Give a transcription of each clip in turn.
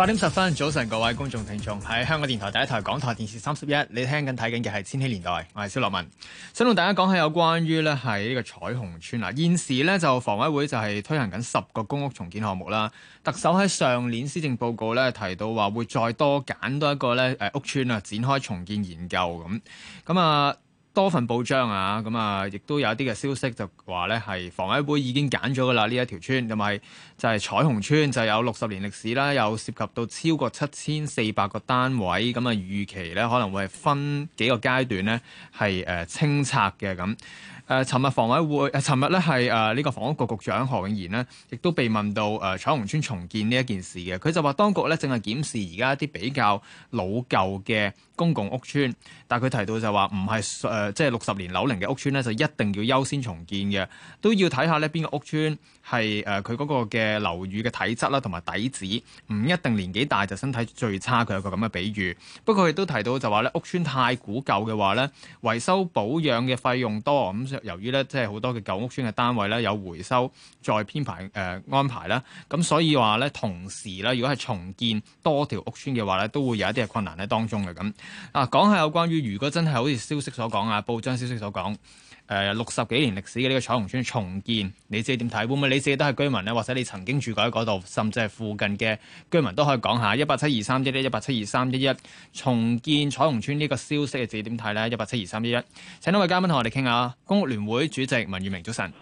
八點十分，早晨各位觀眾聽眾，喺香港電台第一台港台電視三十一，你聽緊睇緊嘅係《千禧年代》，我係蕭樂文，想同大家講下有關於咧呢個彩虹邨啊，現時呢就房委會就係推行緊十個公屋重建項目啦。特首喺上年施政報告呢，提到話會再多揀多一個誒屋邨啊，展開重建研究咁咁啊。多份報章啊，咁啊，亦都有一啲嘅消息就話咧，係房委會已經揀咗噶啦呢一條村，同埋就係、是、彩虹邨就有六十年歷史啦，有涉及到超過七千四百個單位，咁啊預期咧可能會分幾個階段咧係誒清拆嘅咁。誒尋日房委會誒尋日咧係誒呢個房屋局局長何永賢咧，亦都被問到誒彩虹邨重建呢一件事嘅，佢就話當局咧正係檢視而家一啲比較老舊嘅。公共屋邨，但係佢提到就話唔係誒，即係六十年樓齡嘅屋邨咧，就一定要優先重建嘅，都要睇下咧邊個屋邨係誒佢嗰個嘅樓宇嘅體質啦，同埋底子，唔一定年紀大就身體最差。佢有個咁嘅比喻。不過亦都提到就話咧，屋邨太古舊嘅話咧，維修保養嘅費用多。咁由於咧即係好多嘅舊屋邨嘅單位咧有回收再編排誒、呃、安排啦，咁所以話咧同時咧，如果係重建多條屋邨嘅話咧，都會有一啲嘅困難喺當中嘅咁。啊，講下有關於如果真係好似消息所講啊，報章消息所講，誒、呃，六十幾年歷史嘅呢個彩虹邨，重建，你自己點睇？會唔會你自己都係居民呢？或者你曾經住過喺嗰度，甚至係附近嘅居民都可以講下。一八七二三一一，一八七二三一一，重建彩虹邨呢個消息你自己點睇呢？一八七二三一一，請多位嘉賓同我哋傾下。公屋聯會主席文裕明，早晨，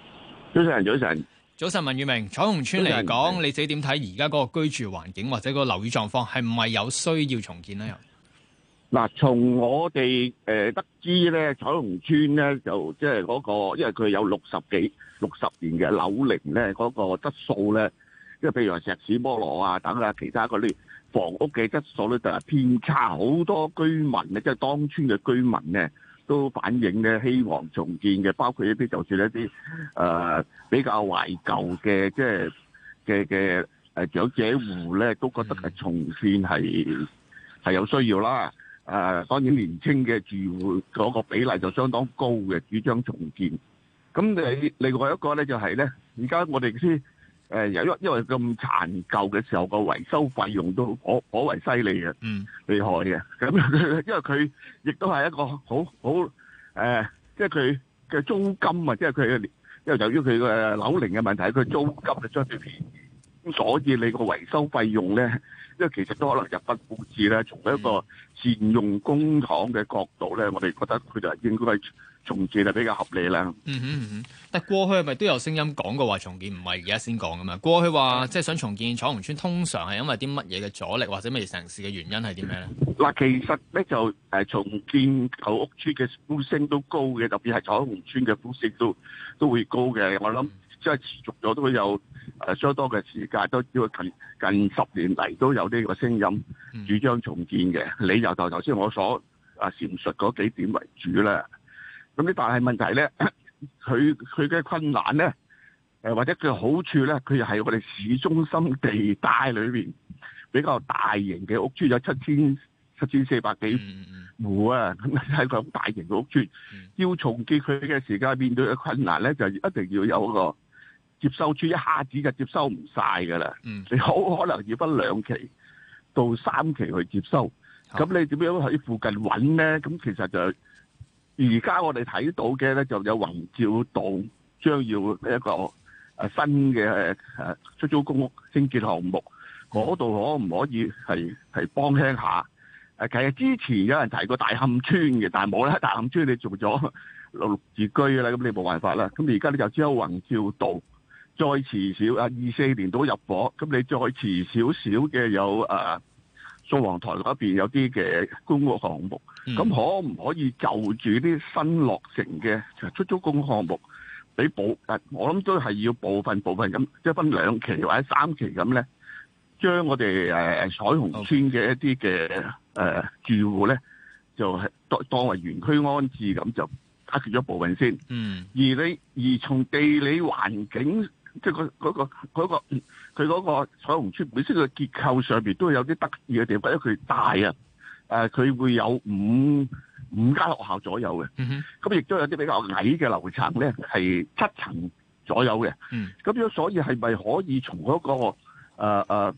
早晨，早晨，早晨，早晨，早晨，文裕明，彩虹邨嚟講，你自己點睇而家嗰個居住環境或者個樓宇狀況係唔係有需要重建呢？嗱，從我哋誒得知咧，彩虹邨咧就即係嗰個，因為佢有六十幾六十年嘅樓齡咧，嗰、那個質素咧，即係譬如話石屎菠蘿啊等啊，其他嗰啲房屋嘅質素咧就係、是、偏差，好多居民咧，即、就、係、是、當村嘅居民咧，都反映咧希望重建嘅，包括一啲就算一啲誒比較懷舊嘅，即係嘅嘅誒長者戶咧，都覺得係重建係係有需要啦。誒當然年青嘅住戶嗰個比例就相當高嘅，主張重建。咁你另外一個咧就係咧，而家我哋先誒，因為因為咁殘舊嘅時候個維修費用都頗頗為犀利嘅，嗯，厲害嘅。咁因為佢亦都係一個好好誒，即係佢嘅租金啊，即係佢嘅，因為由於佢嘅樓齡嘅問題，佢租金就將啲便宜，咁所以你個維修費用咧。即係其實都可能入不敷支咧，從一個善用公帑嘅角度咧，我哋覺得佢就應該重建係比較合理啦，嗯。嗯嗯嗯。但係過去係咪都有聲音講過話重建，唔係而家先講噶嘛？過去話即係想重建彩虹村，通常係因為啲乜嘢嘅阻力或者未成事嘅原因係啲咩咧？嗱，其實咧就誒重建舊屋村嘅呼聲都高嘅，特別係彩虹村嘅呼聲都都會高嘅。我諗，嗯。即係持續咗都會有誒相當嘅時間，都叫近近十年嚟都有呢個聲音，主張重建嘅理由就頭先我所啊闡述嗰幾點為主啦。咁呢，但係問題咧，佢佢嘅困難咧，或者佢好處咧，佢又係我哋市中心地帶裏面比較大型嘅屋邨，有七千七千四百幾戶啊，係個大型嘅屋邨，要重建佢嘅時間面對嘅困難咧，就一定要有個。接收處一下子就接收唔晒噶啦，你好、嗯、可能要分兩期到三期去接收，咁你點樣喺附近揾咧？咁其實就而家我哋睇到嘅咧就有宏照道將要一個新嘅出租公屋興建項目，嗰度可唔可以係係幫輕下？誒其實之前有人提過大磡村嘅，但係冇啦，大磡村你做咗綠置居啦，咁你冇辦法啦。咁而家你就只有宏照道。再遲少啊，二四年都入伙。咁你再遲少少嘅有啊，宋皇臺嗰邊有啲嘅公屋項目，咁、mm hmm. 可唔可以就住啲新落成嘅出租公屋項目，俾補？我諗都係要部分部分咁，即、就、係、是、分兩期或者三期咁咧，將我哋誒、啊、彩虹邨嘅一啲嘅誒住戶咧，就當當為原區安置咁，就解決咗部分先。嗯、mm，hmm. 而你而從地理環境。即係、那個嗰、嗰個佢嗰、嗰個彩虹邨本身嘅結構上邊都有啲得意嘅地方，因為佢大啊，誒、呃、佢會有五五間學校左右嘅，咁亦都有啲比較矮嘅樓層咧，係七層左右嘅，咁樣所以係咪可以從嗰、嗰個誒誒、呃呃，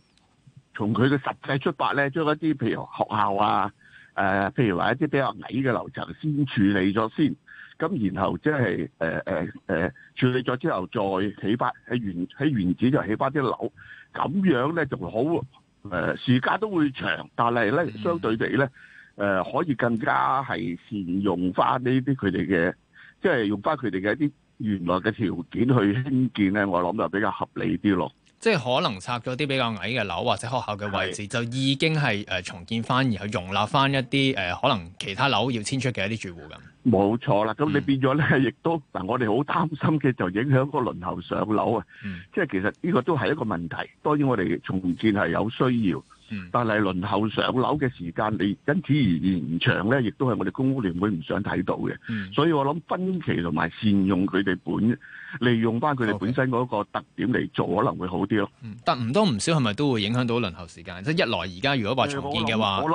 從佢嘅實際出發咧，將一啲譬如學校啊，誒、呃、譬如話一啲比較矮嘅樓層先處理咗先？咁然後即係誒誒處理咗之後，再起翻喺原喺原址就起翻啲樓，咁樣咧就好誒、呃、時間都會長，但係咧相對地咧誒可以更加係善用翻呢啲佢哋嘅，即係用翻佢哋嘅一啲原來嘅條件去興建咧，我諗就比較合理啲咯。即係可能拆咗啲比較矮嘅樓或者學校嘅位置是，就已經係重建翻，然後容納翻一啲可能其他樓要遷出嘅一啲住戶咁。冇錯啦，咁你變咗咧，亦、嗯、都嗱，我哋好擔心嘅就影響嗰輪候上樓啊。嗯、即係其實呢個都係一個問題，當然我哋重建係有需要。嗯、但係輪候上樓嘅時間，你因此而延長咧，亦都係我哋公屋聯會唔想睇到嘅。嗯、所以我諗分期同埋善用佢哋本，利用翻佢哋本身嗰個特點嚟做，okay, 可能會好啲咯，嗯。但唔多唔少係咪都會影響到輪候時間？即係一來而家如果話重建嘅話，係、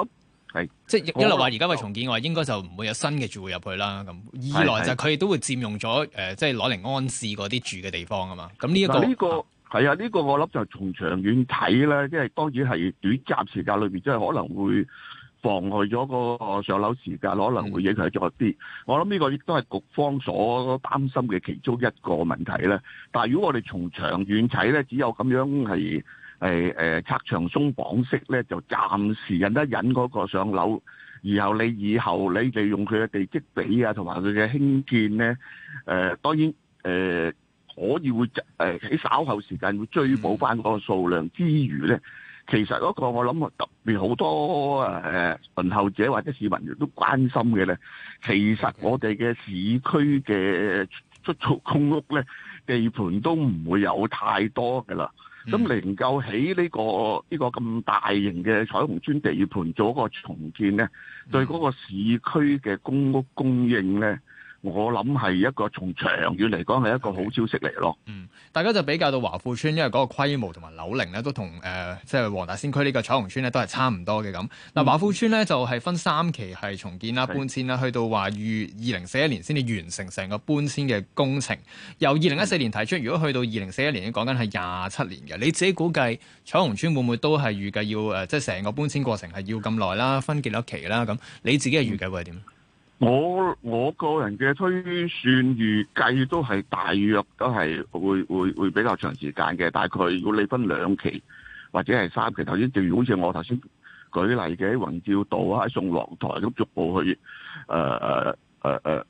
呃、即係一來話而家話重建嘅話，想應該就唔會有新嘅住戶入去啦。咁二來就係佢哋都會佔用咗誒，即係攞嚟安置嗰啲住嘅地方啊嘛。咁呢一個。係啊，呢個我諗就從長遠睇咧，即係當然係短暫時間裏面，即係可能會妨礙咗個上樓時間，可能會影響咗一啲。嗯、我諗呢個亦都係局方所擔心嘅其中一個問題呢。但係如果我哋從長遠睇呢，只有咁樣係誒拆牆鬆綁式呢，就暫時引得引嗰個上樓，然後你以後你利用佢嘅地積比呀、啊，同埋佢嘅興建呢，誒、呃、當然誒。呃可以會就喺稍後時間會追補翻嗰個數量之餘咧，嗯、其實嗰個我諗特別好多誒輪候者或者市民亦都關心嘅咧，嗯、其實我哋嘅市區嘅出租公屋咧地盤都唔會有太多噶啦，咁、嗯、能夠起呢、呢個呢、呢個咁大型嘅彩虹邨地盤做個個重建咧，嗯、對嗰個市區嘅公屋供應咧。我諗係一個從長遠嚟講係一個好消息嚟咯。嗯，大家就比較到華富村，因為嗰個規模同埋樓齡咧都同誒，即係黃大仙區呢個彩虹邨咧都係差唔多嘅咁。嗱、嗯，華富村咧就係、是、分三期係重建啦、搬遷啦，是去到話預二零四一年先至完成成個搬遷嘅工程。由二零一四年提出，嗯、如果去到二零四一年，已經講緊係廿七年嘅。你自己估計彩虹邨會唔會都係預計要誒，即係成個搬遷過程係要咁耐啦，分幾多期啦？咁你自己嘅預計會係點？嗯我我個人嘅推算預計都係大約都係會會會比較長時間嘅，大概要你分兩期或者係三期。頭先正如好似我頭先舉例嘅喺宏照道啊、喺宋皇臺咁逐步去誒誒誒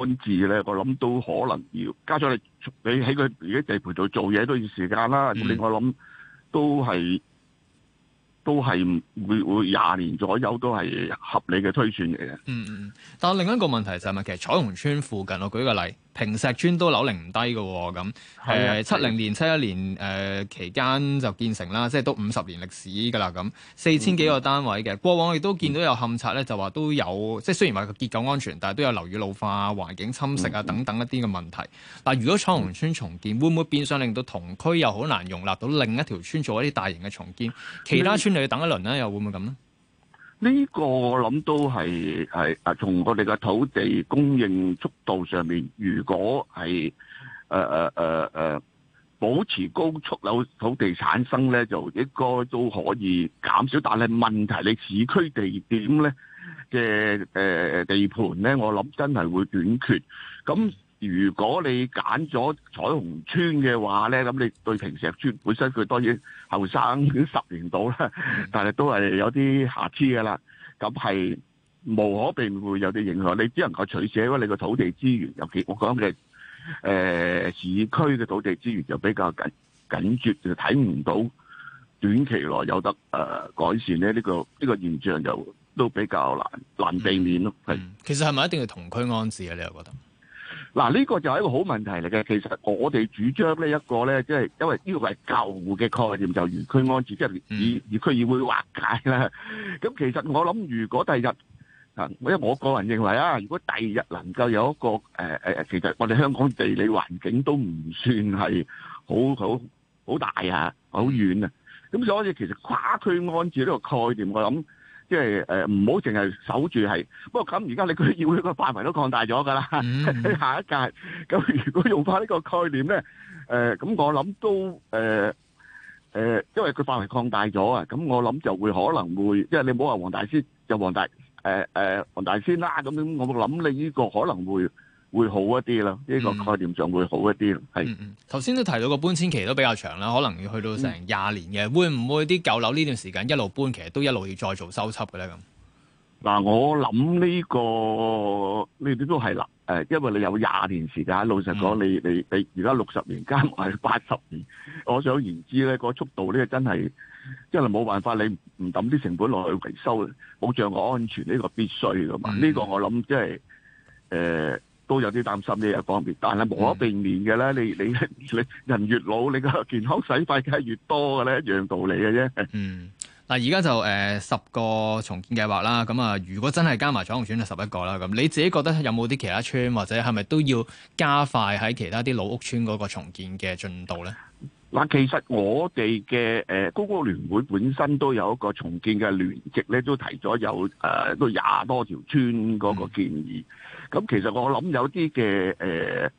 安置咧。我諗都可能要加上你你喺佢而家地盤度做嘢都要時間啦。另外諗都係。都係會會廿年左右都係合理嘅推算嚟嘅。嗯嗯，但係另一個問題就係咪，其實彩虹邨附近，我舉個例。坪石邨都樓齡唔低嘅咁、哦，誒七零年七一年誒、呃、期間就建成啦，即係都五十年歷史㗎啦咁，四千幾個單位嘅、嗯、過往，我亦都見到有冚拆咧，就話都有即係雖然話個結構安全，但係都有樓宇老化、環境侵蝕啊等等一啲嘅問題。但如果彩虹邨重建，會唔會變相令到同區又好難容納到另一條村做一啲大型嘅重建，其他村又等一輪呢，嗯、又會唔會咁呢？呢個我諗都係係啊，從我哋嘅土地供應速度上面，如果係誒誒誒誒保持高速有土地產生咧，就應該都可以減少。但係問題，你市區地點咧嘅誒誒地盤咧，我諗真係會短缺。咁如果你揀咗彩虹村嘅話咧，咁你對平石村本身佢當然後生十年到啦，但係都係有啲瑕疵㗎啦。咁係無可避免會有啲影響，你只能夠取捨。因為你個土地資源，尤其我講嘅誒、呃、市區嘅土地資源就比較緊緊缺，就睇唔到短期內有得誒改善咧。呢、這個呢、這個現象就都比較難難避免咯。嗯嗯、是其實係咪一定係同區安置啊？你又覺得？嗱呢個就係一個好問題嚟嘅，其實我哋主張呢一個咧，即係因為呢個係舊嘅概念，就原區安置即係以以區議會劃界啦。咁其實我諗，如果第日，因為我個人認為啊，如果第日能夠有一個誒誒，其實我哋香港地理環境都唔算係好好好大啊，好遠啊，咁所以其實跨區安置呢個概念，我諗。即係誒，唔好淨係守住係。不過咁而家你佢要佢個範圍都擴大咗㗎啦。喺下一屆咁，如果用翻呢個概念咧，誒咁我諗都誒誒，因為佢範圍擴大咗啊，咁我諗就會可能會，即係你唔好話黃大仙就黃大誒誒黃大仙啦。咁我諗你呢個可能會。會好一啲咯，呢、這個概念上會好一啲咯。係，頭先都提到個搬遷期都比較長啦，可能要去到成廿年嘅。嗯、會唔會啲舊樓呢段時間一路搬，其實都一路要再做修葺嘅咧？咁嗱、這個，我諗呢個呢啲都係啦。誒、呃，因為你有廿年時間，老實講，你你你而家六十年加埋八十年，我想言之咧，那個速度咧真係，即係冇辦法你，你唔抌啲成本落去維修，保障個安全呢、這個必須噶嘛。呢、嗯、個我諗即係誒。呃都有啲擔心呢一方面，但係無可避免嘅咧、嗯。你你你人越老，你個健康使費梗係越多嘅咧，一樣道理嘅啫。嗯。嗱，而家就誒十個重建計劃啦，咁啊，如果真係加埋彩虹村就十一個啦。咁你自己覺得有冇啲其他村或者係咪都要加快喺其他啲老屋村嗰個重建嘅進度咧？嗱，其實我哋嘅誒公屋聯會本身都有一個重建嘅聯席咧，都提咗有誒、呃、都廿多條村嗰個建議。嗯咁其實我諗有啲嘅誒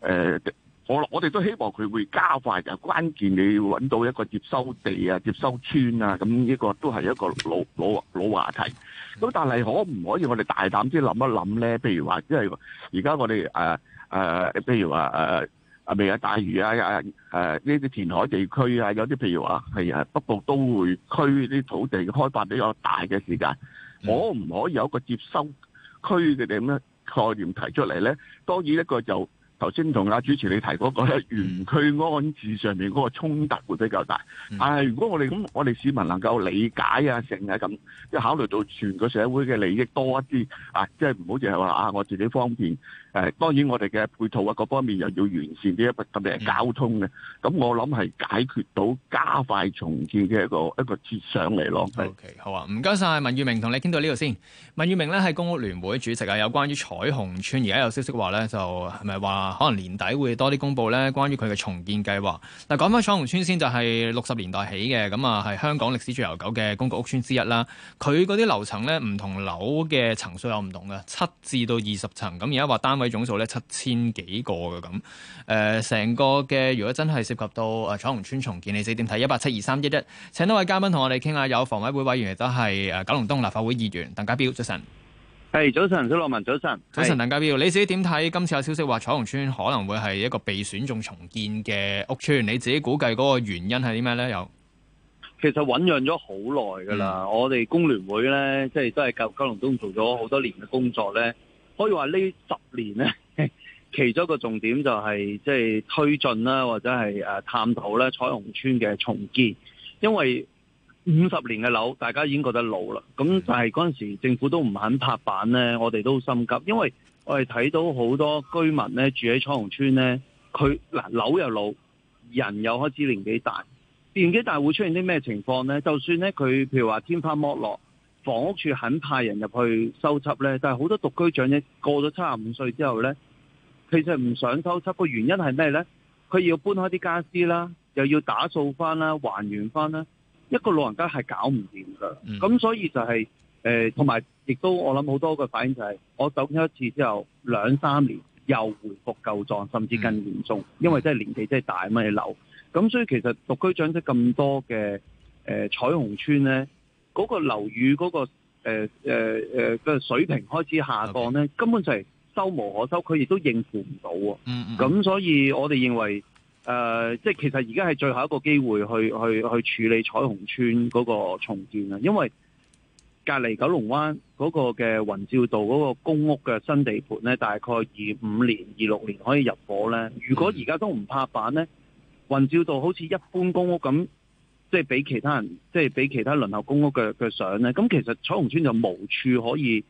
誒，我我哋都希望佢會加快。就關鍵你要揾到一個接收地啊、接收村啊，咁呢個都係一個老老老話題。咁但係可唔可以我哋大膽啲諗一諗咧？譬如話，即係而家我哋誒誒，譬如話誒誒，未有大嶼啊啊誒呢啲填海地區啊，有啲譬如話係啊北部都會區啲土地開發比較大嘅時間，嗯、可唔可以有個接收區嘅點咧？概念提出嚟咧，當然一個就頭先同阿主持你提嗰、那個咧，原區安置上面嗰個衝突會比較大。但、哎、係如果我哋咁，我哋市民能夠理解啊，成啊咁，即係考慮到全個社會嘅利益多一啲啊、哎，即係唔好淨係話啊我自己方便。誒當然我哋嘅配套啊各方面又要完善，呢一個特別係交通嘅。咁我諗係解決到加快重建嘅一個一個節相嚟咯。Okay，好啊，唔該晒。文裕明，同你傾到呢度先。文裕明咧係公屋聯會主席啊，有關於彩虹邨。而家有消息話咧就係咪話可能年底會多啲公佈咧，關於佢嘅重建計劃。嗱，講翻彩虹邨先，就係六十年代起嘅，咁啊係香港歷史最悠久嘅公共屋邨之一啦。佢嗰啲樓層咧唔同樓嘅層數有唔同嘅，七至到二十層。咁而家話單位。總數咧七千幾個嘅咁，誒、呃，成個嘅如果真係涉及到誒彩虹邨重建，你自己點睇？一八七二三一一，請多位嘉賓同我哋傾下。有房委會委員亦都係誒九龍東立法會議員鄧家彪，早晨。係早晨，小羅文早晨。早晨，鄧家彪，你自己點睇今次有消息話彩虹邨可能會係一個被選中重建嘅屋邨？你自己估計嗰個原因係啲咩咧？有？其實醞釀咗好耐噶啦，嗯、我哋工聯會咧，即係都係喺九龍東做咗好多年嘅工作咧。可以話呢十年呢，其中一個重點就係即係推進啦，或者係誒探討咧彩虹村嘅重建，因為五十年嘅樓，大家已經覺得老啦。咁但係嗰陣時政府都唔肯拍板呢，我哋都心急，因為我哋睇到好多居民呢住喺彩虹村呢，佢嗱樓又老，人又開始年紀大，年紀大會出現啲咩情況呢？就算呢，佢譬如話天花剝落。房屋署肯派人入去修葺呢，但係好多獨居長者過咗七十五歲之後呢，其實唔想修葺，個原因係咩呢？佢要搬開啲傢俬啦，又要打掃翻啦，還原翻啦，一個老人家係搞唔掂噶。咁、嗯、所以就係同埋亦都我諗好多個反應就係、是，我走咗一次之後，兩三年又回復舊狀，甚至更嚴重，因為真係年紀真係大啊嘛，要咁所以其實獨居長者咁多嘅、呃、彩虹邨呢。嗰個樓宇嗰、嗰個嘅、呃呃呃、水平開始下降呢 Okay. 根本就係收無可收，佢亦都應付唔到喎。咁、mm hmm. 所以我哋認為、呃、即係其實而家係最後一個機會去去去處理彩虹邨嗰個重建啦，因為隔離九龍灣嗰個嘅雲照道嗰個公屋嘅新地盤呢，大概二五年、二六年可以入伙呢。如果而家都唔拍板呢，雲照道好似一般公屋咁。即係俾其他人，即係俾其他輪候公屋嘅嘅，上咧。咁其實彩虹邨就無處可以誒、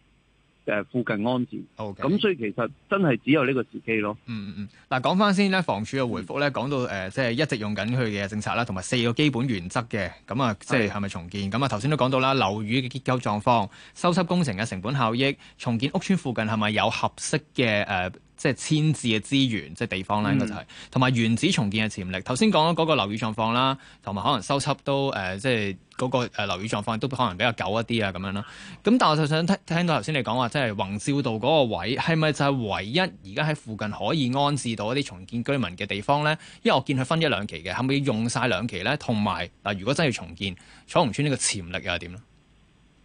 呃，附近安置。咁 Okay. 所以其實真係只有呢個時機咯。嗯嗯嗯。嗱、嗯，講翻先咧，房署嘅回覆咧，講到誒、呃，即係一直用緊佢嘅政策啦，同埋四個基本原則嘅。咁、嗯、啊，即係係咪重建？咁啊的，頭先都講到啦，樓宇嘅結構狀況、修葺工程嘅成本效益、重建屋村附近係咪有合適嘅誒？呃即係遷置嘅資源，即係地方咧，應該就係同埋原址重建嘅潛力。頭先講咗嗰個樓宇狀況啦，同埋可能收葺都誒，即係嗰個誒樓宇狀況都可能比較久一啲啊，咁樣啦。咁但係我就想聽聽到頭先你講話，即係宏照道嗰個位係咪就係唯一而家喺附近可以安置到一啲重建居民嘅地方咧？因為我見佢分一兩期嘅，係咪可以用晒兩期咧？同埋嗱，如果真係要重建彩虹邨呢個潛力又係點咧？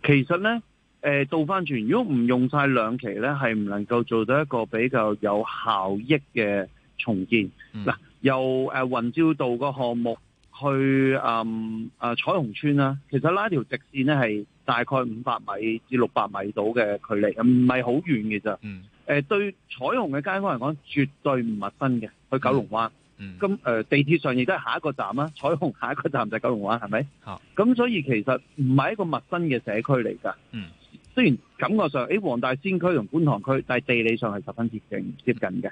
其實咧。誒、呃、倒翻轉，如果唔用晒兩期咧，係唔能夠做到一個比較有效益嘅重建。嗱、嗯呃，由誒雲照道個項目去誒誒、嗯呃、彩虹邨啦，其實拉條直線咧係大概五百米至六百米度嘅距離，唔係好遠嘅咋。誒、嗯呃、對彩虹嘅街坊嚟講，絕對唔陌生嘅，去九龍灣。咁、嗯嗯呃、地鐵上亦都係下一個站啦，彩虹下一個站就係九龍灣，係咪？咁、啊、所以其實唔係一個陌生嘅社區嚟㗎。嗯雖然感覺上，誒、欸、黃大仙區同觀塘區，但係地理上係十分接近接近嘅、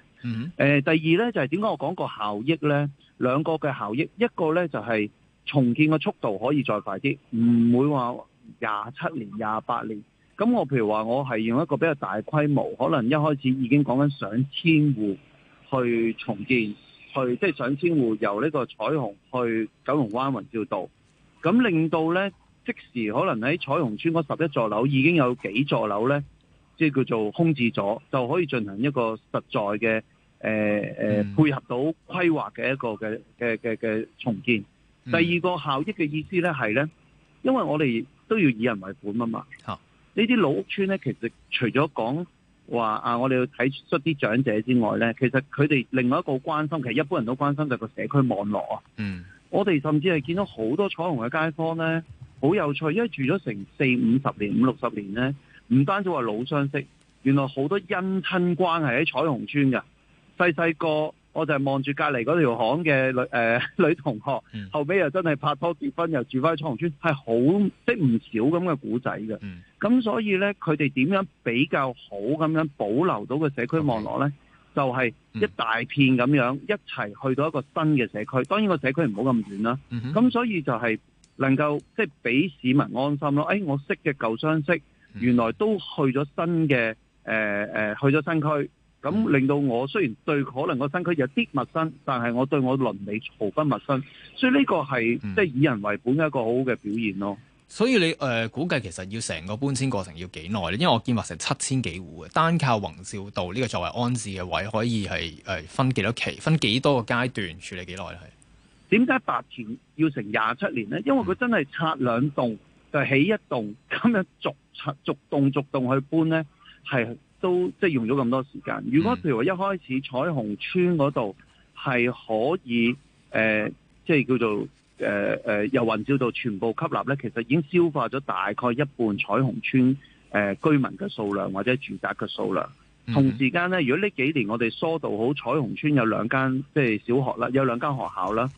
呃。第二呢，就係點解我講個效益呢？兩個嘅效益，一個呢就係、是、重建嘅速度可以再快啲，唔會話廿七年、廿八年。咁我譬如話，我係用一個比較大規模，可能一開始已經講緊上千戶去重建，去即係、就是、上千戶由呢個彩虹去九龍灣宏照道，咁令到呢。即時可能喺彩虹邨嗰十一座樓已經有幾座樓呢，即係叫做空置咗，就可以進行一個實在嘅誒誒配合到規劃嘅一個嘅嘅嘅重建。嗯、第二個效益嘅意思呢係呢，因為我哋都要以人為本啊嘛。呢啲、啊、老屋邨呢，其實除咗講話啊，我哋要睇出啲長者之外呢，其實佢哋另外一個關心，其實一般人都關心就係個社區網絡啊。嗯，我哋甚至係見到好多彩虹嘅街坊呢。好有趣，因為住咗成四五十年、五六十年呢，唔單止話老相識，原來好多姻親關係喺彩虹邨嘅。細細個我就係望住隔離嗰條巷嘅女、呃、女同學，後尾又真係拍拖結婚，又住翻彩虹邨，係好識唔少咁嘅古仔嘅。咁、嗯、所以呢，佢哋點樣比較好咁樣保留到個社區網絡呢？嗯、就係一大片咁樣一齊去到一個新嘅社區。當然個社區唔好咁遠啦。咁、嗯、哼所以就係、是。能夠即係俾市民安心咯、哎。我識嘅舊相識，原來都去咗新嘅、呃、去咗新區。咁令到我雖然對可能個新區有啲陌生，但係我對我鄰里毫不陌生。所以呢個係、嗯、即係以人為本一個好好嘅表現咯。所以你、呃、估計其實要成個搬遷過程要幾耐咧？因為我見話成七千幾戶嘅，單靠宏照道呢、呢個作為安置嘅位，可以係、呃、分幾多期，分幾多個階段處理幾耐咧？係。點解白田要成廿七年呢？因為佢真係拆兩棟就起、是、一棟，咁樣逐拆逐棟逐棟去搬呢，係都即係用咗咁多時間。如果譬如話一開始彩虹邨嗰度係可以誒、呃，即係叫做誒誒、呃呃、由雲照到全部吸納呢，其實已經消化咗大概一半彩虹邨、呃、居民嘅數量或者住宅嘅數量。同時間呢，如果呢幾年我哋疏導好彩虹邨有兩間即係小學啦，有兩間學校啦。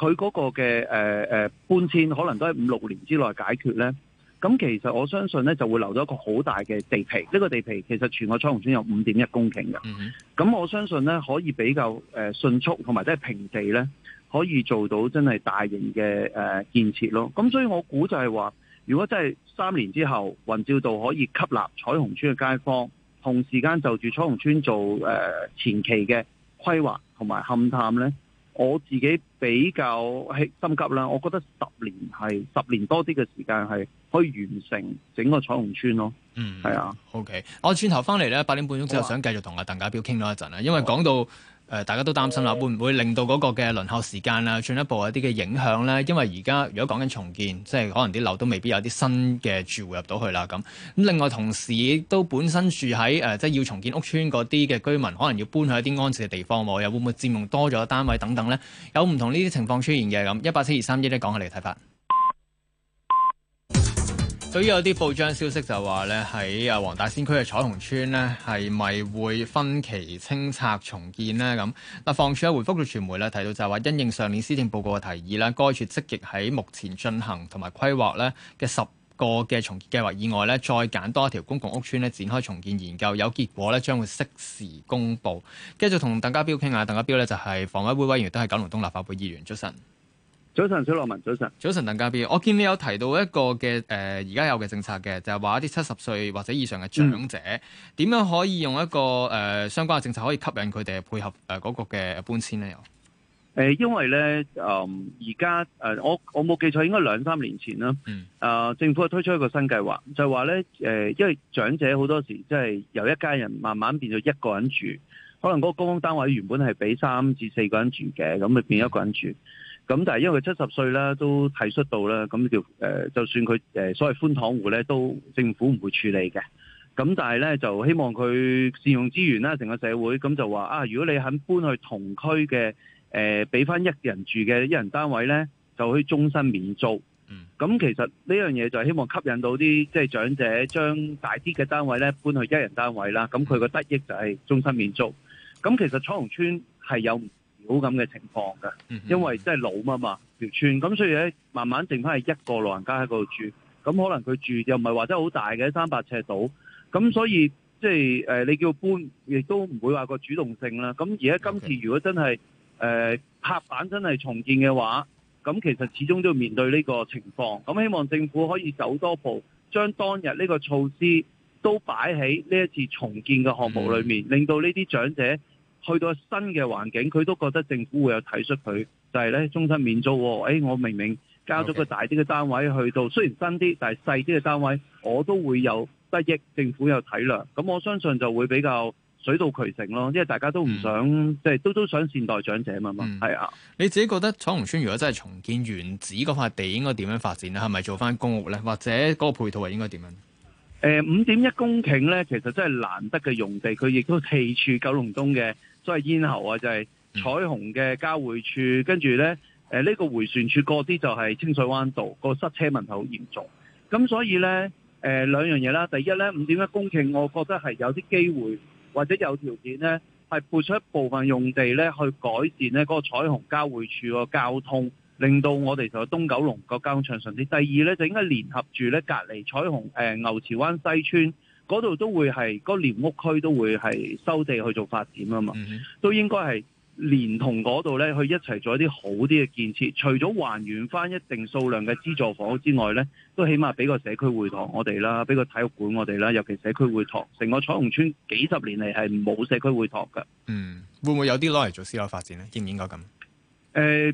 佢嗰個嘅誒誒搬遷可能都係五六年之內解決咧，咁其實我相信咧就會留咗一個好大嘅地皮。呢個地皮其實全個彩虹邨有五點一公頃嘅，咁我相信咧可以比較誒迅速同埋即係平地咧，可以做到真係大型嘅誒建設咯。咁所以我估就係話，如果真係三年之後雲照道可以吸納彩虹邨嘅街坊，同時間就住彩虹邨做誒前期嘅規劃同埋勘探咧。我自己比較係心急啦，我覺得十年係十年多啲嘅時間係可以完成整個彩虹邨咯。嗯，係啊。OK，我轉頭翻嚟咧，八點半鐘之後說想繼續同阿鄧家彪傾多一陣啦，因為講到。呃、大家都擔心啦，會唔會令到嗰個嘅輪候時間啊進一步有啲嘅影響呢？因為而家如果講緊重建，即係可能啲樓都未必有啲新嘅住戶入到去啦咁。咁另外同時都本身住喺、呃、即係要重建屋邨嗰啲嘅居民，可能要搬去一啲安置嘅地方喎，又會唔會佔用多咗單位等等呢？有唔同呢啲情況出現嘅咁，2, 3, 1, 一八七二三一咧，講下你嘅睇法。至於有啲報章消息就話呢喺啊黃大仙區嘅彩虹邨呢，係咪會分期清拆重建呢？咁嗱，房署喺回覆嘅傳媒呢，提到就係話，因應上年施政報告嘅提議啦，該處積極喺目前進行同埋規劃呢嘅十個嘅重建計劃以外呢再揀多一條公共屋邨呢展開重建研究，有結果呢將會適時公布。繼續同鄧家彪傾下，鄧家彪呢就係房委會委員，亦都係九龍東立法會議員，早晨。早晨，小羅文，早晨。早晨，鄧家彪，我見你有提到一個嘅誒，而、呃、家有嘅政策嘅，就係話一啲七十歲或者以上嘅長者，點、嗯、樣可以用一個誒、呃、相關嘅政策，可以吸引佢哋配合誒嗰、呃那個嘅搬遷咧？又誒、呃，因為咧，嗯、呃，而家誒，我我冇記錯，應該兩三年前啦，誒、嗯呃，政府推出一個新計劃，就係話咧，誒、呃，因為長者好多時即係由一家人慢慢變咗一個人住，可能嗰個公屋單位原本係俾三至四個人住嘅，咁咪變咗一個人住。嗯咁但係因為佢七十歲啦，都提出到啦，咁就就算佢所謂寬敞戶咧，都政府唔會處理嘅。咁但係咧，就希望佢善用資源啦，成個社會咁就話啊，如果你肯搬去同區嘅誒，俾、呃、翻一人住嘅一人單位咧，就可以終身免租。嗯。咁其實呢樣嘢就係希望吸引到啲即係長者將大啲嘅單位咧搬去一人單位啦。咁佢個得益就係終身免租。咁其實彩虹邨係有。好咁嘅情況㗎，嗯、因為真係老啊嘛條村，咁所以咧慢慢剩翻係一個老人家喺嗰度住，咁可能佢住又唔係話真係好大嘅，三百尺到，咁所以即係、呃、你叫搬，亦都唔會話個主動性啦。咁而家今次如果真係誒 Okay.、呃、拍板真係重建嘅話，咁其實始終都要面對呢個情況。咁希望政府可以走多步，將當日呢個措施都擺喺呢一次重建嘅項目裏面，嗯、令到呢啲長者。去到新嘅環境，佢都覺得政府會有體恤佢，就係、是、咧終身免租。誒、哎，我明明交咗個大啲嘅單位，去到 Okay. 雖然新啲，但係細啲嘅單位，我都會有得益。政府有體諒，咁我相信就會比較水到渠成咯。因為大家都唔想，嗯、即係都都想善待長者啊嘛。係啊、嗯，你自己覺得彩虹邨如果真係重建原址嗰塊地，應該點樣發展咧？係咪做翻公屋咧？或者個個配套係應該點樣？誒、呃，五點一公頃咧，其實真係難得嘅用地，佢亦都係處九龍東嘅。所以咽喉啊，就係、是、彩虹嘅交匯處，跟住咧，誒、呃、呢、這個迴旋處嗰啲就係清水灣道、那個塞車問題好嚴重。咁所以咧，誒、呃、兩樣嘢啦，第一咧，五點一公頃，我覺得係有啲機會或者有條件咧，係撥出一部分用地咧去改善咧嗰個彩虹交匯處個交通，令到我哋就東九龍個交通暢順啲。第二咧就應該聯合住咧隔離彩虹誒、呃、牛池灣西村。嗰度都會係，嗰廉屋區都會係收地去做發展啊嘛，嗯、都應該係連同嗰度呢，去一齊做一啲好啲嘅建設。除咗還原返一定數量嘅資助房屋之外呢，都起碼俾個社區會堂我哋啦，俾個體育館我哋啦。尤其社區會堂，成個彩虹邨幾十年嚟係冇社區會堂㗎。嗯，會唔會有啲攞嚟做私樓發展呢？應唔應該咁？誒、呃，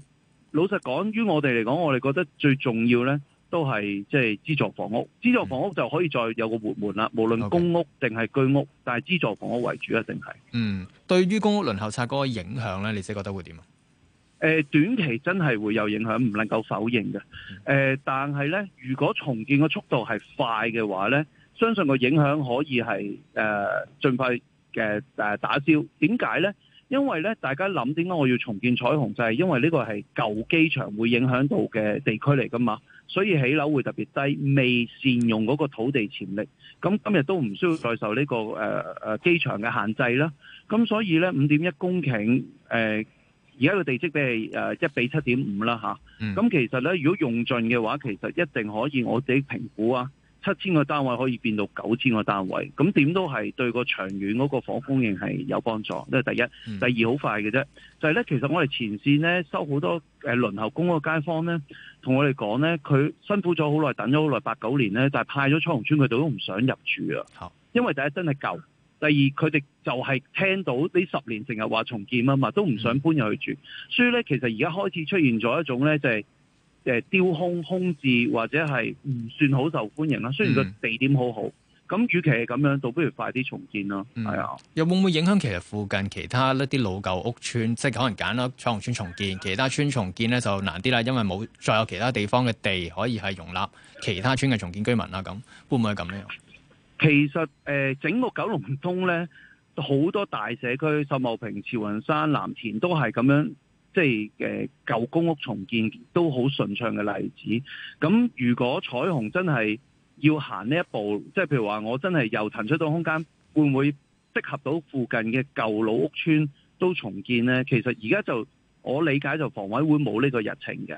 老實講，於我哋嚟講，我哋覺得最重要呢。都係即係資助房屋，資助房屋就可以再有個活門啦。無論公屋定係居屋，但係資助房屋為主啊，定係。嗯，對於公屋輪候冊嗰個影響咧，你自己覺得會點啊？誒，短期真係會有影響，唔能夠否認嘅。誒，但係咧，如果重建嘅速度係快嘅話咧，相信個影響可以係誒盡快嘅誒打消。點解咧？因為咧，大家諗點解我要重建彩虹，就係因為呢個係舊機場會影響到嘅地區嚟噶嘛所以起樓會特別低，未善用嗰個土地潛力，咁今日都唔需要再受呢、這個誒誒、呃、機場嘅限制啦。咁所以咧，五點一公頃，誒而家個地積比係誒一比七點五啦吓，咁、嗯、其實咧如果用盡嘅話，其實一定可以我自己評估啊。七千個單位可以變到九千個單位，咁點都係對長遠個長遠嗰個房屋供應係有幫助。係第一，第二好快嘅啫。就係咧，其實我哋前線咧收好多誒輪候公屋街坊咧，同我哋講咧，佢辛苦咗好耐，等咗好耐八九年咧，就係派咗彩虹邨，佢哋都唔想入住啊。因為第一真係舊，第二佢哋就係聽到呢十年成日話重建啊嘛，都唔想搬入去住。所以咧，其實而家開始出現咗一種咧，就係、是。誒丟空空置或者係唔算好受歡迎啦。雖然個地點好好，咁與、嗯、其係咁樣，倒不如快啲重建咯。係啊、嗯，的又會唔會影響其實附近其他一啲老舊屋村？即係可能揀咗彩虹村重建，其他村重建咧就難啲啦，因為冇再有其他地方嘅地可以係容納其他村嘅重建居民啦。咁會唔會咁樣？其實誒、呃，整個九龍東咧，好多大社區，秀茂坪、慈雲山、藍田都係咁樣。即係誒舊公屋重建都好順暢嘅例子。咁如果彩虹真係要行呢一步，即係譬如話我真係又騰出到空間，會唔會適合到附近嘅舊老屋村都重建呢？其實而家就我理解就房委會冇呢個日程嘅，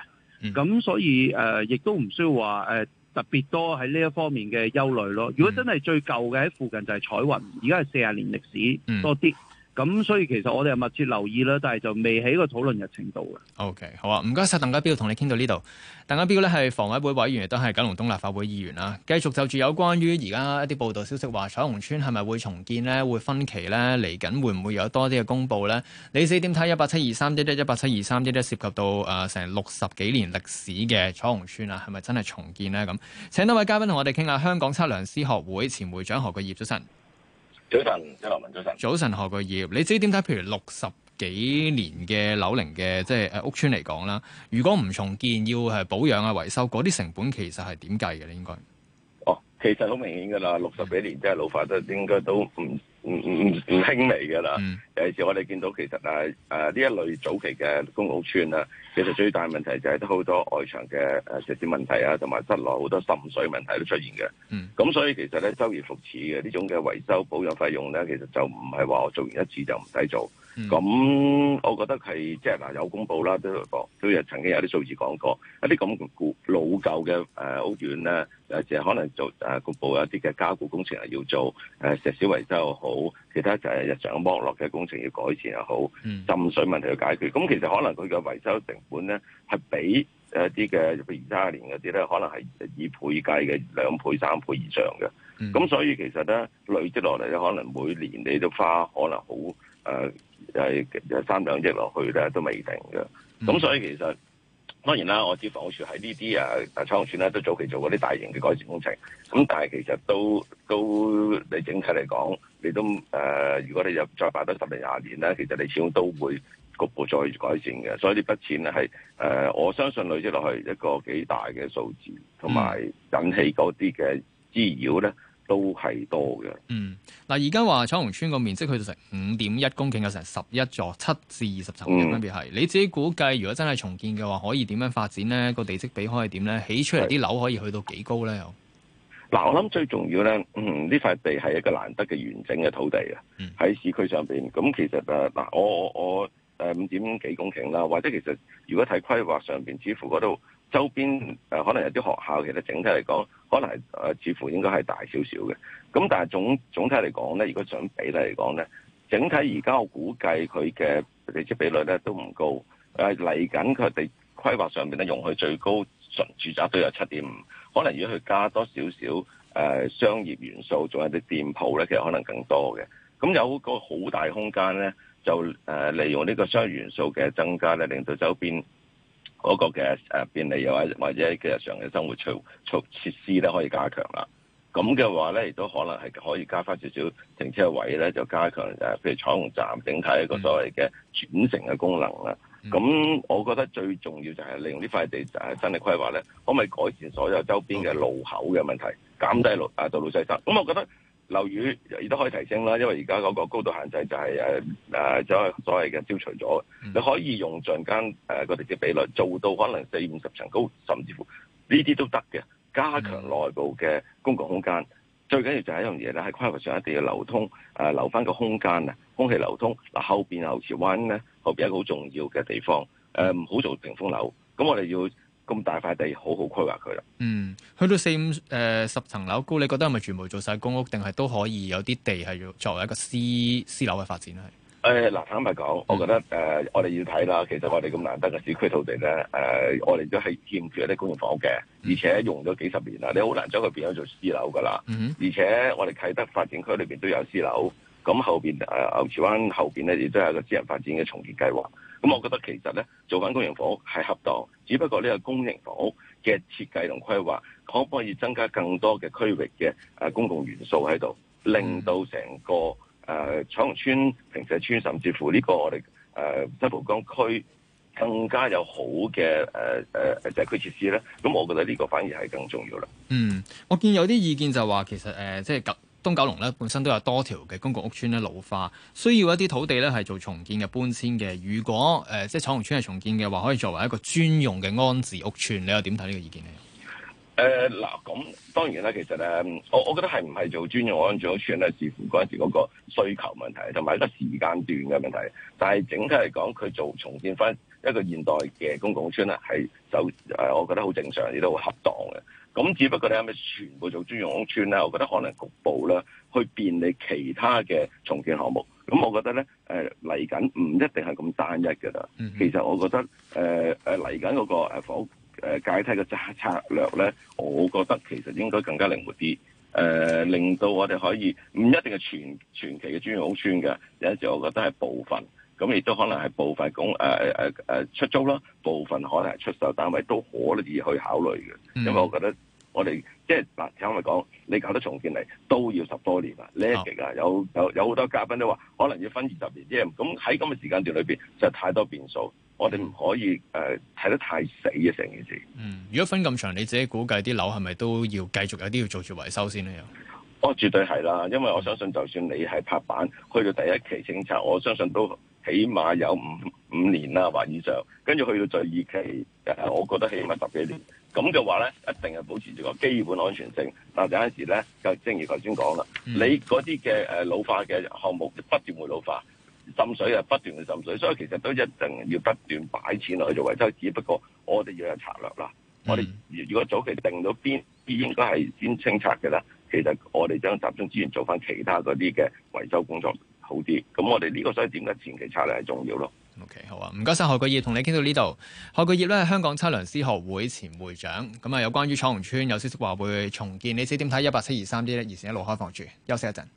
咁、嗯、所以誒亦、呃、都唔需要話、呃、特別多喺呢一方面嘅憂慮咯。如果真係最舊嘅喺附近就係彩雲，而家係四十年歷史、嗯、多啲。咁所以其實我哋係密切留意啦，但係就未喺個討論日程度嘅。OK，好啊，唔該晒鄧家彪，同你傾到呢度。鄧家彪呢係房委會委員，亦都係九龍東立法會議員啦。繼續就住有關於而家一啲報道消息說，話彩虹邨係咪會重建呢？會分期呢？嚟緊會唔會有多啲嘅公佈呢？你哋點睇一八七二三一一一八七二三一一涉及到誒成六十幾年歷史嘅彩虹邨啊？係咪真係重建呢？咁請多位嘉賓同我哋傾下香港測量師學會前會長何鉅業，早晨。早晨，謝立文早晨。早晨何鉅業，你知點解？譬如六十幾年嘅樓齡嘅，即係誒屋邨嚟講啦，如果唔重建，要係保養啊維修，嗰啲成本其實係點計嘅咧？應該？其實好明顯噶啦，六十幾年即係老化得應該都應該都唔唔唔唔輕微噶啦。Mm. 尤其是我哋見到其實啊誒呢一類早期嘅公屋邨，啊、啦，其實最大問題就係都好多外牆嘅誒石屎問題啊，同埋室內好多滲水問題都出現嘅。咁、mm. 所以其實咧周而復始嘅呢種嘅維修保養費用咧，其實就唔係話我做完一次就唔使做。咁、嗯嗯、我覺得係即係嗱有公佈啦，都有都有曾經有啲數字講過一啲咁古老舊嘅誒屋苑咧，誒、呃、係、就是、可能做誒、啊、局部有啲嘅加固工程係要做，誒、呃、石屎維修又好，其他就係日常嘅剝落嘅工程要改善又好，嗯、浸水問題要解決。咁其實可能佢嘅維修成本咧係比一啲嘅譬如二卅年嗰啲咧，可能係以倍計嘅兩倍三倍以上嘅。咁、嗯、所以其實咧累積落嚟可能每年你都花可能好誒。呃係三兩億落去咧都未定嘅，咁、嗯、所以其實當然啦，我知房署喺呢啲啊，啊彩虹邨咧都早期做過啲大型嘅改善工程，咁、嗯、但係其實都都你整體嚟講，你都誒、呃，如果你又再擺得十零廿年咧，其實你始終都會局部再改善嘅，所以筆呢筆錢咧係誒，我相信累積落去一個幾大嘅數字，同埋引起嗰啲嘅滋擾咧。嗯都係多嘅。嗯，嗱，而家話彩虹邨個面積去到成五點一公頃，有成十一座七至二十層嘅分別係。嗯、你自己估計，如果真係重建嘅話，可以點樣發展呢？個地積比可以點呢？起出嚟啲樓可以去到幾高呢？又嗱、嗯，我諗最重要呢，嗯，呢塊地係一個難得嘅完整嘅土地啊。喺、嗯、市區上邊，咁其實誒，嗱，我我我誒五點幾公頃啦，或者其實如果睇規劃上邊，似乎嗰度。周邊誒可能有啲學校，其實整體嚟講，可能係誒似乎應該係大少少嘅。咁但係總總體嚟講咧，如果想比例嚟講咧，整體而家我估計佢嘅地積比率咧都唔高。誒嚟緊佢哋規劃上面咧用去最高純住宅都有七點五，可能如果佢加多少少誒商業元素，仲有啲店鋪咧，其實可能更多嘅。咁有個好大空間咧，就誒利用呢個商業元素嘅增加咧，令到周邊。嗰個嘅誒便利又或者日常嘅生活措措設施咧，可以加強啦。咁嘅話咧，亦都可能係可以加翻少少停車位咧，就加強誒，譬如彩虹站整體一個所謂嘅、嗯、轉乘嘅功能啦。咁、嗯、我覺得最重要就係利用呢塊地誒新嘅規劃咧，可唔可以改善所有周邊嘅路口嘅問題？Okay. 減低路啊道路擠塞。咁我覺得。樓宇亦都可以提升啦，因為而家嗰個高度限制就係誒誒，即、呃、係、就係、所謂嘅消除咗，嗯、你可以用盡間誒個地積比率，做到可能四五十層高，甚至乎呢啲都得嘅。加強內部嘅公共空間，嗯、最緊要就係一樣嘢咧，喺規劃上一定要流通，誒、呃、留翻個空間啊，空氣流通。嗱後邊牛池灣咧，後邊一個好重要嘅地方，誒、呃、唔好做屏風樓，咁我哋要。咁大塊地好好規劃佢啦。嗯，去到四五誒、呃、十層樓高，你覺得係咪全部做晒公屋，定係都可以有啲地係要作為一個私私樓嘅發展咧？誒嗱、哎，坦白講，嗯、我覺得誒、呃、我哋要睇啦。其實我哋咁難得嘅市區土地咧，誒、呃、我哋都係欠住一啲公用房屋嘅，嗯、而且用咗幾十年啦，你好難將佢變咗做私樓噶啦。嗯、哼而且我哋啟德發展區裏邊都有私樓，咁後邊誒牛池灣後邊咧亦都係一個私人發展嘅重建計劃。咁我覺得其實咧，做緊公營房屋係恰當。只不過呢個公營房屋嘅設計同規劃可唔可以增加更多嘅區域嘅誒公共元素喺度，令到成個誒彩虹邨、坪石邨，甚至乎呢個我哋誒西蒲江區更加有好嘅誒誒誒社區設施咧。咁我覺得呢個反而係更重要啦。嗯，我見有啲意見就話，其實誒、呃、即係。東九龍咧本身都有多條嘅公共屋邨咧老化，需要一啲土地咧係做重建嘅搬遷嘅。如果誒、呃、即係彩虹邨係重建嘅話，可以作為一個專用嘅安置屋村。你又點睇呢個意見咧？誒、呃，嗱，咁當然啦，其實咧，我我覺得係唔係做專用安置屋村，咧，視乎嗰陣時嗰個需求問題，同埋一個時間段嘅問題。但係整體嚟講，佢做重建翻一個現代嘅公共屋邨咧，係就誒，我覺得好正常，亦都恰當嘅。咁只不過你係咪全部做專用屋村咧？我覺得可能局部咧去便利其他嘅重建項目。咁我覺得咧，誒嚟緊唔一定係咁單一㗎啦。其實我覺得，誒嚟緊嗰個房屋誒解體嘅策略咧，我覺得其實應該更加靈活啲。誒、呃、令到我哋可以唔一定係全全期嘅專用屋村嘅，有陣時我覺得係部分。咁亦都可能係部分講、啊啊、出租啦，部分可能係出售單位都可以去考慮嘅，嗯、因為我覺得。我哋即係嗱，就是，聽我佢講，你搞得重建嚟都要十多年啊！呢一極啊，有有有好多嘉賓都話，可能要分二十年啫。咁喺咁嘅時間段裏邊，就太多變數，嗯、我哋唔可以誒睇、呃、得太死嘅。成件事，嗯，如果分咁長，你自己估計啲樓係咪都要繼續有啲要做住維修先呢？又，我絕對係啦，因為我相信，就算你係拍板去到第一期清拆，我相信都起碼有五五年啦或以上，跟住去到第二期，誒、嗯，我覺得起碼十幾年。咁嘅話咧，一定係保持住個基本安全性。但有陣時咧，就正如頭先講啦，你嗰啲嘅老化嘅項目不斷會老化，滲水又不斷去滲水，所以其實都一定要不斷擺錢落去做維修。只不過我哋要有策略啦。我哋如果早期定到邊邊應該係先清拆嘅咧，其實我哋將集中資源做翻其他嗰啲嘅維修工作好啲。咁我哋呢個所以點解前期策略係重要咯？OK，好啊，唔該晒，何鉅業，同你傾到呢度。何鉅業咧，香港測量師學會前會長，咁啊，有關於彩虹邨有消息話會重建，你點睇？一八七二三 D 咧，二四一路開放住，休息一陣。